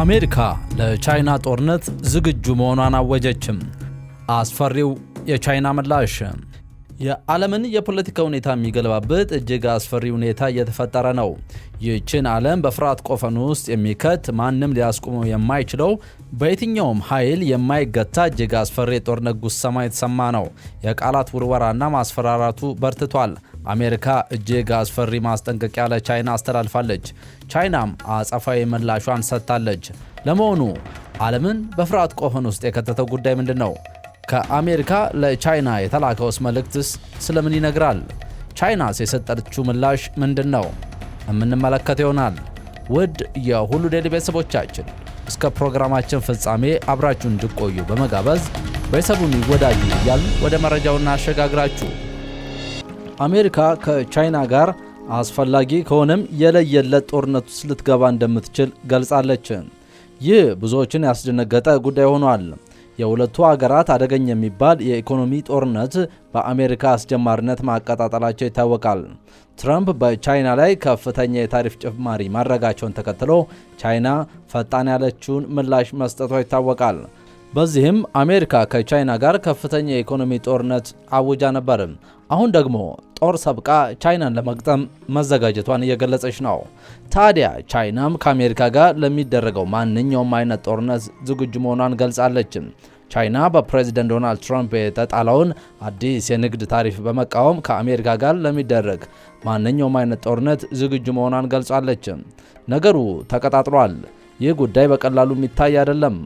አሜሪካ ለቻይና ጦርነት ዝግጁ መሆኗን አወጀችም። አስፈሪው የቻይና ምላሽ። የዓለምን የፖለቲካ ሁኔታ የሚገለባበት እጅግ አስፈሪ ሁኔታ እየተፈጠረ ነው። ይህችን ዓለም በፍርሃት ቆፈን ውስጥ የሚከት ማንም ሊያስቆመው የማይችለው በየትኛውም ኃይል የማይገታ እጅግ አስፈሪ የጦርነት ጉሰማ የተሰማ ነው። የቃላት ውርወራና ማስፈራራቱ በርትቷል። አሜሪካ እጅግ አስፈሪ ማስጠንቀቂያ ለቻይና አስተላልፋለች። ቻይናም አጸፋዊ ምላሿን ሰጥታለች። ለመሆኑ ዓለምን በፍርሃት ቆፈን ውስጥ የከተተው ጉዳይ ምንድን ነው? ከአሜሪካ ለቻይና የተላከውስ መልእክትስ ስለምን ይነግራል? ቻይናስ የሰጠችው ምላሽ ምንድን ነው? የምንመለከት ይሆናል። ውድ የሁሉ ዴይሊ ቤተሰቦቻችን እስከ ፕሮግራማችን ፍጻሜ አብራችሁ እንድቆዩ በመጋበዝ ቤተሰቡን ይወዳጁ እያሉ ወደ መረጃውና አሸጋግራችሁ አሜሪካ ከቻይና ጋር አስፈላጊ ከሆነም የለየለት ጦርነት ውስጥ ልትገባ እንደምትችል ገልጻለች። ይህ ብዙዎችን ያስደነገጠ ጉዳይ ሆኗል። የሁለቱ አገራት አደገኝ የሚባል የኢኮኖሚ ጦርነት በአሜሪካ አስጀማሪነት ማቀጣጠላቸው ይታወቃል። ትራምፕ በቻይና ላይ ከፍተኛ የታሪፍ ጭማሪ ማድረጋቸውን ተከትሎ ቻይና ፈጣን ያለችውን ምላሽ መስጠቷ ይታወቃል። በዚህም አሜሪካ ከቻይና ጋር ከፍተኛ የኢኮኖሚ ጦርነት አውጃ ነበር። አሁን ደግሞ ጦር ሰብቃ ቻይናን ለመግጠም መዘጋጀቷን እየገለጸች ነው። ታዲያ ቻይናም ከአሜሪካ ጋር ለሚደረገው ማንኛውም አይነት ጦርነት ዝግጁ መሆኗን ገልጻለች። ቻይና በፕሬዚደንት ዶናልድ ትራምፕ የተጣለውን አዲስ የንግድ ታሪፍ በመቃወም ከአሜሪካ ጋር ለሚደረግ ማንኛውም አይነት ጦርነት ዝግጁ መሆኗን ገልጻለች። ነገሩ ተቀጣጥሏል። ይህ ጉዳይ በቀላሉ የሚታይ አይደለም።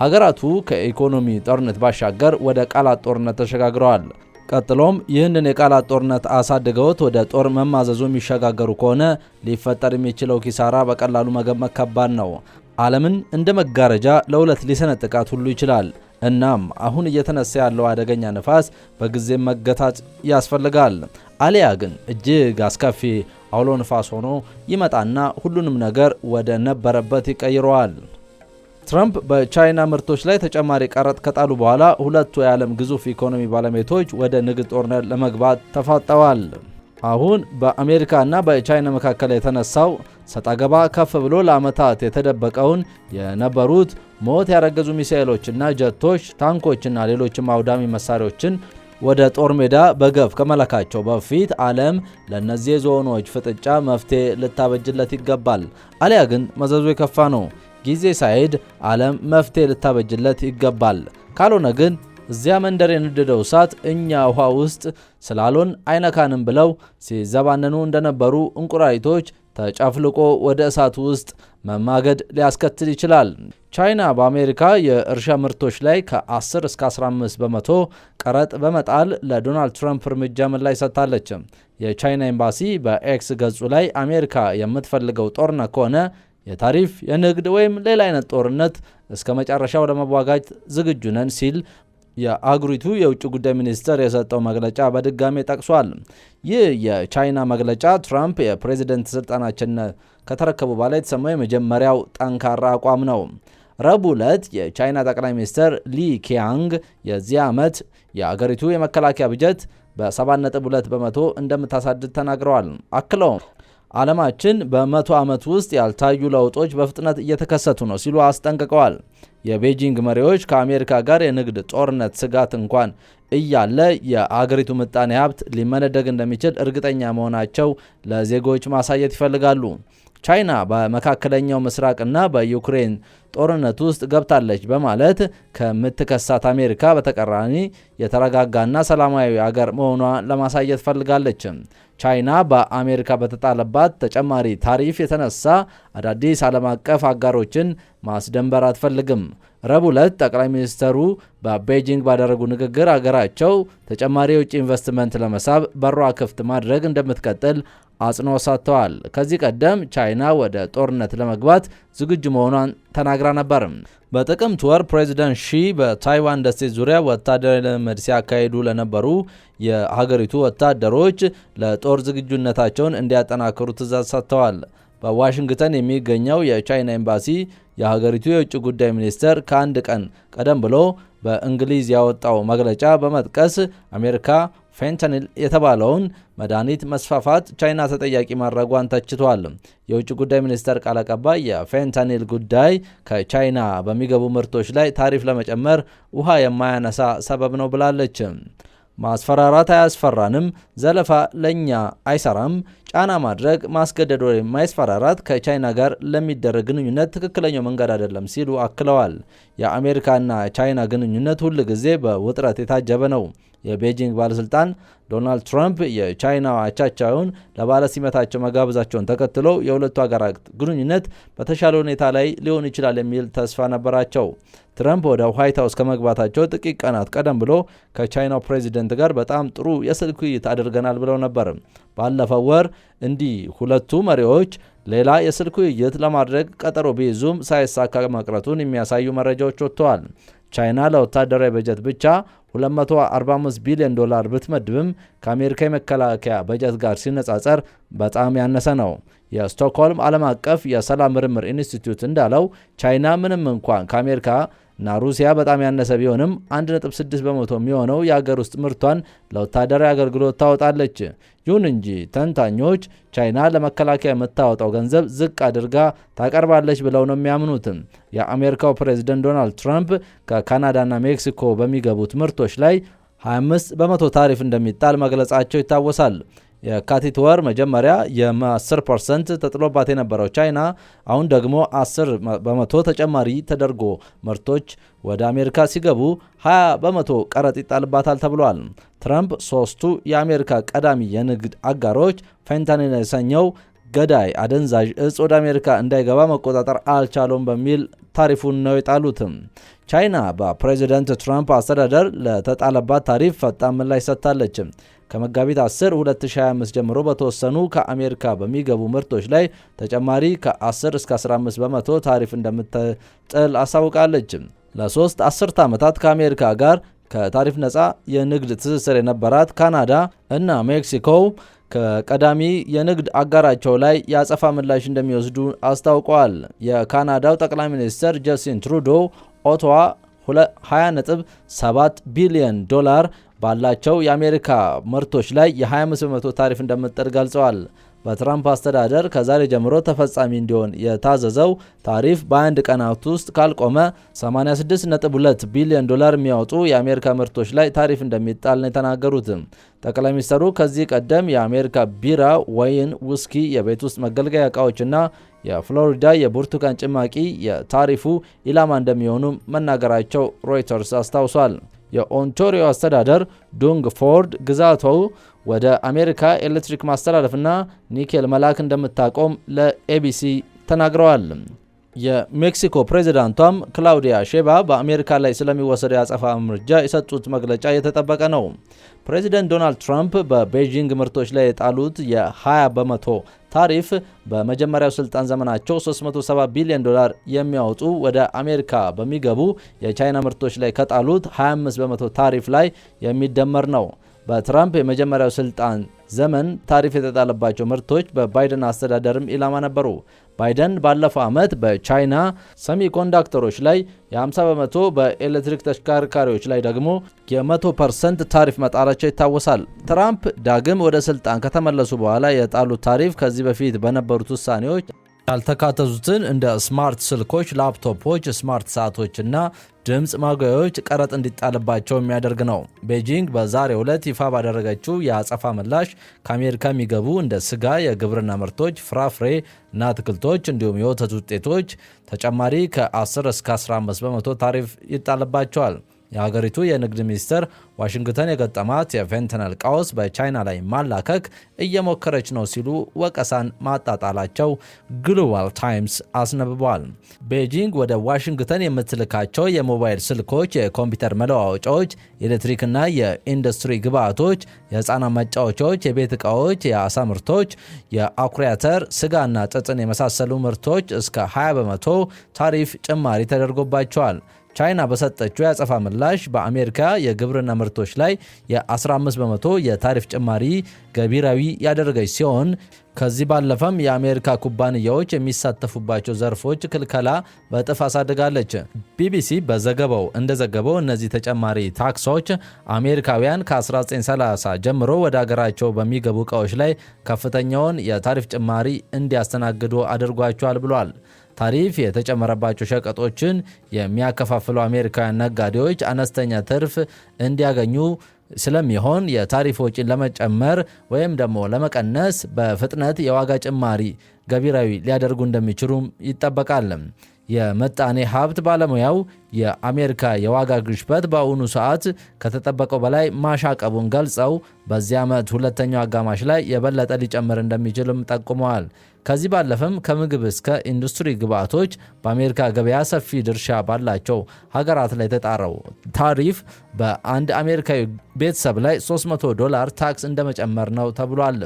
ሀገራቱ ከኢኮኖሚ ጦርነት ባሻገር ወደ ቃላት ጦርነት ተሸጋግረዋል። ቀጥሎም ይህንን የቃላት ጦርነት አሳድገውት ወደ ጦር መማዘዙ የሚሸጋገሩ ከሆነ ሊፈጠር የሚችለው ኪሳራ በቀላሉ መገመት ከባድ ነው። ዓለምን እንደ መጋረጃ ለሁለት ሊሰነጥቃት ሁሉ ይችላል። እናም አሁን እየተነሳ ያለው አደገኛ ነፋስ በጊዜም መገታት ያስፈልጋል። አሊያ ግን እጅግ አስከፊ አውሎ ንፋስ ሆኖ ይመጣና ሁሉንም ነገር ወደ ነበረበት ይቀይረዋል። ትራምፕ በቻይና ምርቶች ላይ ተጨማሪ ቀረጥ ከጣሉ በኋላ ሁለቱ የዓለም ግዙፍ ኢኮኖሚ ባለቤቶች ወደ ንግድ ጦርነት ለመግባት ተፋጠዋል። አሁን በአሜሪካና በቻይና መካከል የተነሳው ሰጣገባ ከፍ ብሎ ለዓመታት የተደበቀውን የነበሩት ሞት ያረገዙ ሚሳኤሎችና ጀቶች፣ ታንኮችና ሌሎችም አውዳሚ መሳሪያዎችን ወደ ጦር ሜዳ በገፍ ከመላካቸው በፊት ዓለም ለእነዚህ ዞኖች ፍጥጫ መፍትሄ ልታበጅለት ይገባል። አሊያ ግን መዘዙ የከፋ ነው። ጊዜ ሳይሄድ ዓለም መፍትሄ ልታበጅለት ይገባል። ካልሆነ ግን እዚያ መንደር የነደደው እሳት እኛ ውኃ ውስጥ ስላሎን አይነካንም ብለው ሲዘባነኑ እንደነበሩ እንቁራሪቶች ተጨፍልቆ ወደ እሳት ውስጥ መማገድ ሊያስከትል ይችላል። ቻይና በአሜሪካ የእርሻ ምርቶች ላይ ከ10 እስከ 15 በመቶ ቀረጥ በመጣል ለዶናልድ ትራምፕ እርምጃ ምላሽ ሰጥታለች። የቻይና ኤምባሲ በኤክስ ገጹ ላይ አሜሪካ የምትፈልገው ጦርነት ከሆነ የታሪፍ የንግድ ወይም ሌላ አይነት ጦርነት እስከ መጨረሻው ለመዋጋት ዝግጁ ነን ሲል የአገሪቱ የውጭ ጉዳይ ሚኒስትር የሰጠው መግለጫ በድጋሜ ጠቅሷል። ይህ የቻይና መግለጫ ትራምፕ የፕሬዚደንት ስልጣናችን ከተረከቡ በኋላ የተሰማው የመጀመሪያው ጠንካራ አቋም ነው። ረቡዕ ዕለት የቻይና ጠቅላይ ሚኒስትር ሊ ኪያንግ የዚህ ዓመት የአገሪቱ የመከላከያ ብጀት በ7.2 በመቶ እንደምታሳድድ ተናግረዋል። አክለውም ዓለማችን በመቶ ዓመት ውስጥ ያልታዩ ለውጦች በፍጥነት እየተከሰቱ ነው ሲሉ አስጠንቅቀዋል። የቤጂንግ መሪዎች ከአሜሪካ ጋር የንግድ ጦርነት ስጋት እንኳን እያለ የአገሪቱ ምጣኔ ሀብት ሊመነደግ እንደሚችል እርግጠኛ መሆናቸው ለዜጎች ማሳየት ይፈልጋሉ። ቻይና በመካከለኛው ምስራቅና በዩክሬን ጦርነት ውስጥ ገብታለች በማለት ከምትከሳት አሜሪካ በተቃራኒ የተረጋጋና ሰላማዊ አገር መሆኗን ለማሳየት ፈልጋለች። ቻይና በአሜሪካ በተጣለባት ተጨማሪ ታሪፍ የተነሳ አዳዲስ ዓለም አቀፍ አጋሮችን ማስደንበር አትፈልግም። ረቡዕ ዕለት ጠቅላይ ሚኒስትሩ በቤጂንግ ባደረጉ ንግግር አገራቸው ተጨማሪ የውጭ ኢንቨስትመንት ለመሳብ በሯ ክፍት ማድረግ እንደምትቀጥል አጽንኦት ሰጥተዋል። ከዚህ ቀደም ቻይና ወደ ጦርነት ለመግባት ዝግጁ መሆኗን ተናግራ ነበር። በጥቅምት ወር ፕሬዚደንት ሺ በታይዋን ደሴት ዙሪያ ወታደራዊ ልምምድ ሲያካሂዱ ለነበሩ የሀገሪቱ ወታደሮች ለጦር ዝግጁነታቸውን እንዲያጠናክሩ ትእዛዝ ሰጥተዋል። በዋሽንግተን የሚገኘው የቻይና ኤምባሲ የሀገሪቱ የውጭ ጉዳይ ሚኒስቴር ከአንድ ቀን ቀደም ብሎ በእንግሊዝ ያወጣው መግለጫ በመጥቀስ አሜሪካ ፌንተኒል የተባለውን መድኃኒት መስፋፋት ቻይና ተጠያቂ ማድረጓን ተችቷል። የውጭ ጉዳይ ሚኒስቴር ቃል አቀባይ የፌንተኒል ጉዳይ ከቻይና በሚገቡ ምርቶች ላይ ታሪፍ ለመጨመር ውሃ የማያነሳ ሰበብ ነው ብላለች። ማስፈራራት አያስፈራንም፣ ዘለፋ ለእኛ አይሰራም፣ ጫና ማድረግ፣ ማስገደድ ወይም ማስፈራራት ከቻይና ጋር ለሚደረግ ግንኙነት ትክክለኛው መንገድ አይደለም ሲሉ አክለዋል። የአሜሪካና ቻይና ግንኙነት ሁል ጊዜ በውጥረት የታጀበ ነው። የቤጂንግ ባለስልጣን ዶናልድ ትራምፕ የቻይና አቻቻዩን ለባለ ሲመታቸው መጋበዛቸውን ተከትሎ የሁለቱ ሀገራት ግንኙነት በተሻለ ሁኔታ ላይ ሊሆን ይችላል የሚል ተስፋ ነበራቸው። ትራምፕ ወደ ዋይት ሀውስ ከመግባታቸው ጥቂት ቀናት ቀደም ብሎ ከቻይናው ፕሬዚደንት ጋር በጣም ጥሩ የስልክ ውይይት አድርገናል ብለው ነበር። ባለፈው ወር እንዲህ ሁለቱ መሪዎች ሌላ የስልክ ውይይት ለማድረግ ቀጠሮ ቢይዙም ሳይሳካ መቅረቱን የሚያሳዩ መረጃዎች ወጥተዋል። ቻይና ለወታደራዊ በጀት ብቻ 245 ቢሊዮን ዶላር ብትመድብም ከአሜሪካ የመከላከያ በጀት ጋር ሲነጻጸር በጣም ያነሰ ነው። የስቶክሆልም ዓለም አቀፍ የሰላም ምርምር ኢንስቲትዩት እንዳለው ቻይና ምንም እንኳን ከአሜሪካ እና ሩሲያ በጣም ያነሰ ቢሆንም 1.6 በመቶ የሚሆነው የአገር ውስጥ ምርቷን ለወታደራዊ አገልግሎት ታወጣለች። ይሁን እንጂ ተንታኞች ቻይና ለመከላከያ የምታወጣው ገንዘብ ዝቅ አድርጋ ታቀርባለች ብለው ነው የሚያምኑትም። የአሜሪካው ፕሬዚደንት ዶናልድ ትራምፕ ከካናዳና ሜክሲኮ በሚገቡት ምርት ምርቶች ላይ 25 በመቶ ታሪፍ እንደሚጣል መግለጻቸው ይታወሳል። የካቲት ወር መጀመሪያ የ10 ፐርሰንት ተጥሎባት የነበረው ቻይና አሁን ደግሞ 10 በመቶ ተጨማሪ ተደርጎ ምርቶች ወደ አሜሪካ ሲገቡ 20 በመቶ ቀረጥ ይጣልባታል ተብሏል። ትራምፕ ሶስቱ የአሜሪካ ቀዳሚ የንግድ አጋሮች ፌንታኒል የተሰኘው ገዳይ አደንዛዥ እጽ ወደ አሜሪካ እንዳይገባ መቆጣጠር አልቻሉም በሚል ታሪፉን ነው የጣሉትም። ቻይና በፕሬዚደንት ትራምፕ አስተዳደር ለተጣለባት ታሪፍ ፈጣን ምላሽ ሰጥታለች። ከመጋቢት 10 2025 ጀምሮ በተወሰኑ ከአሜሪካ በሚገቡ ምርቶች ላይ ተጨማሪ ከ10 እስከ 15 በመቶ ታሪፍ እንደምትጥል አሳውቃለች። ለሶስት አስርተ ዓመታት ከአሜሪካ ጋር ከታሪፍ ነፃ የንግድ ትስስር የነበራት ካናዳ እና ሜክሲኮ ከቀዳሚ የንግድ አጋራቸው ላይ የአጸፋ ምላሽ እንደሚወስዱ አስታውቀዋል። የካናዳው ጠቅላይ ሚኒስትር ጀስቲን ትሩዶ ኦቶዋ 27 ቢሊዮን ዶላር ባላቸው የአሜሪካ ምርቶች ላይ የ25 በመቶ ታሪፍ እንደምትጥል ገልጸዋል። በትራምፕ አስተዳደር ከዛሬ ጀምሮ ተፈጻሚ እንዲሆን የታዘዘው ታሪፍ በአንድ ቀናት ውስጥ ካልቆመ 86.2 ቢሊዮን ዶላር የሚያወጡ የአሜሪካ ምርቶች ላይ ታሪፍ እንደሚጣል ነው የተናገሩት። ጠቅላይ ሚኒስትሩ ከዚህ ቀደም የአሜሪካ ቢራ፣ ወይን፣ ውስኪ፣ የቤት ውስጥ መገልገያ እቃዎችና የፍሎሪዳ የብርቱካን ጭማቂ የታሪፉ ኢላማ እንደሚሆኑ መናገራቸው ሮይተርስ አስታውሷል። የኦንቶሪዮ አስተዳደር ዱንግ ፎርድ ግዛቷ ወደ አሜሪካ ኤሌክትሪክ ማስተላለፍና ኒኬል መላክ እንደምታቆም ለኤቢሲ ተናግረዋል። የሜክሲኮ ፕሬዚዳንቷም ክላውዲያ ሼባ በአሜሪካ ላይ ስለሚወሰድ የአጸፋ እርምጃ የሰጡት መግለጫ የተጠበቀ ነው። ፕሬዚደንት ዶናልድ ትራምፕ በቤይጂንግ ምርቶች ላይ የጣሉት የ20 በመቶ ታሪፍ በመጀመሪያው ስልጣን ዘመናቸው 370 ቢሊዮን ዶላር የሚያወጡ ወደ አሜሪካ በሚገቡ የቻይና ምርቶች ላይ ከጣሉት 25 በመቶ ታሪፍ ላይ የሚደመር ነው። በትራምፕ የመጀመሪያው ስልጣን ዘመን ታሪፍ የተጣለባቸው ምርቶች በባይደን አስተዳደርም ኢላማ ነበሩ። ባይደን ባለፈው ዓመት በቻይና ሰሚኮንዳክተሮች ላይ የ50 በመቶ በኤሌክትሪክ ተሽከርካሪዎች ላይ ደግሞ የ100 ፐርሰንት ታሪፍ መጣላቸው ይታወሳል። ትራምፕ ዳግም ወደ ስልጣን ከተመለሱ በኋላ የጣሉት ታሪፍ ከዚህ በፊት በነበሩት ውሳኔዎች ያልተካተቱትን እንደ ስማርት ስልኮች፣ ላፕቶፖች፣ ስማርት ሰዓቶችና ድምፅ ማጉያዎች ቀረጥ እንዲጣልባቸው የሚያደርግ ነው። ቤጂንግ በዛሬው ዕለት ይፋ ባደረገችው የአጸፋ ምላሽ ከአሜሪካ የሚገቡ እንደ ስጋ፣ የግብርና ምርቶች፣ ፍራፍሬ እና አትክልቶች እንዲሁም የወተት ውጤቶች ተጨማሪ ከ10 እስከ 15 በመቶ ታሪፍ ይጣልባቸዋል። የሀገሪቱ የንግድ ሚኒስትር ዋሽንግተን የገጠማት የፌንተነል ቀውስ በቻይና ላይ ማላከክ እየሞከረች ነው ሲሉ ወቀሳን ማጣጣላቸው ግሎባል ታይምስ አስነብቧል። ቤጂንግ ወደ ዋሽንግተን የምትልካቸው የሞባይል ስልኮች፣ የኮምፒውተር መለዋወጫዎች፣ የኤሌክትሪክና የኢንዱስትሪ ግብዓቶች፣ የህፃናት መጫወቻዎች፣ የቤት ዕቃዎች፣ የአሳ ምርቶች፣ የአኩሪ አተር፣ ስጋና ጥጥን የመሳሰሉ ምርቶች እስከ 20 በመቶ ታሪፍ ጭማሪ ተደርጎባቸዋል። ቻይና በሰጠችው ያጸፋ ምላሽ በአሜሪካ የግብርና ምርቶች ላይ የ15 በመቶ የታሪፍ ጭማሪ ገቢራዊ ያደረገች ሲሆን ከዚህ ባለፈም የአሜሪካ ኩባንያዎች የሚሳተፉባቸው ዘርፎች ክልከላ በጥፍ አሳድጋለች። ቢቢሲ በዘገባው እንደዘገበው እነዚህ ተጨማሪ ታክሶች አሜሪካውያን ከ1930 ጀምሮ ወደ አገራቸው በሚገቡ ዕቃዎች ላይ ከፍተኛውን የታሪፍ ጭማሪ እንዲያስተናግዱ አድርጓቸዋል ብሏል። ታሪፍ የተጨመረባቸው ሸቀጦችን የሚያከፋፍሉ አሜሪካውያን ነጋዴዎች አነስተኛ ትርፍ እንዲያገኙ ስለሚሆን የታሪፍ ወጪን ለመጨመር ወይም ደግሞ ለመቀነስ በፍጥነት የዋጋ ጭማሪ ገቢራዊ ሊያደርጉ እንደሚችሉም ይጠበቃል። የምጣኔ ሀብት ባለሙያው የአሜሪካ የዋጋ ግሽበት በአሁኑ ሰዓት ከተጠበቀው በላይ ማሻቀቡን ገልጸው በዚህ ዓመት ሁለተኛው አጋማሽ ላይ የበለጠ ሊጨምር እንደሚችልም ጠቁመዋል። ከዚህ ባለፈም ከምግብ እስከ ኢንዱስትሪ ግብዓቶች በአሜሪካ ገበያ ሰፊ ድርሻ ባላቸው ሀገራት ላይ የተጣረው ታሪፍ በአንድ አሜሪካዊ ቤተሰብ ላይ 300 ዶላር ታክስ እንደመጨመር ነው ተብሏል።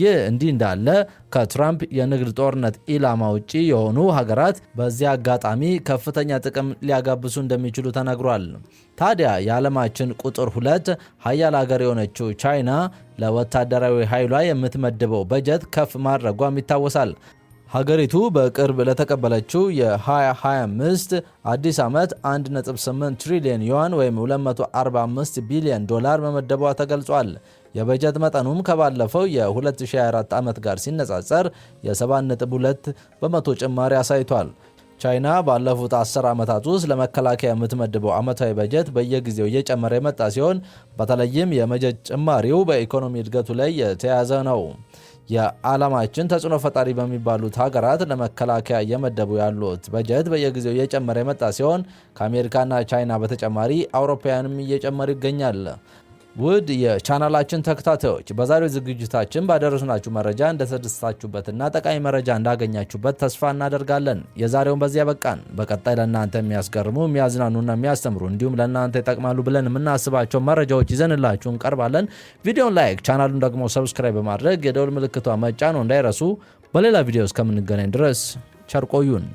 ይህ እንዲህ እንዳለ ከትራምፕ የንግድ ጦርነት ኢላማ ውጪ የሆኑ ሀገራት በዚህ አጋጣሚ ከፍተኛ ጥቅም ሊያጋብሱ እንደሚችሉ ተነግሯል። ታዲያ የዓለማችን ቁጥር ሁለት ሀያል ሀገር የሆነችው ቻይና ለወታደራዊ ኃይሏ የምትመድበው በጀት ከፍ ማድረጓም ይታወሳል። ሀገሪቱ በቅርብ ለተቀበለችው የ2025 አዲስ ዓመት 1.8 ትሪሊዮን ዩዋን ወይም 245 ቢሊዮን ዶላር መመደቧ ተገልጿል። የበጀት መጠኑም ከባለፈው የ2024 ዓመት ጋር ሲነጻጸር የ7.2 በመቶ ጭማሪ አሳይቷል። ቻይና ባለፉት 10 ዓመታት ውስጥ ለመከላከያ የምትመድበው ዓመታዊ በጀት በየጊዜው እየጨመረ የመጣ ሲሆን በተለይም የበጀት ጭማሪው በኢኮኖሚ እድገቱ ላይ የተያያዘ ነው። የዓለማችን ተጽዕኖ ፈጣሪ በሚባሉት ሀገራት ለመከላከያ እየመደቡ ያሉት በጀት በየጊዜው እየጨመረ የመጣ ሲሆን ከአሜሪካና ቻይና በተጨማሪ አውሮፓውያንም እየጨመሩ ይገኛል። ውድ የቻናላችን ተከታታዮች በዛሬው ዝግጅታችን ባደረስናችሁ መረጃ እንደተደሰታችሁበትና ጠቃሚ መረጃ እንዳገኛችሁበት ተስፋ እናደርጋለን። የዛሬውን በዚህ ያበቃን። በቀጣይ ለእናንተ የሚያስገርሙ የሚያዝናኑና የሚያስተምሩ እንዲሁም ለእናንተ ይጠቅማሉ ብለን የምናስባቸው መረጃዎች ይዘንላችሁ እንቀርባለን። ቪዲዮን ላይክ፣ ቻናሉን ደግሞ ሰብስክራይብ በማድረግ የደውል ምልክቷ መጫኑ እንዳይረሱ። በሌላ ቪዲዮ እስከምንገናኝ ድረስ ቸርቆዩን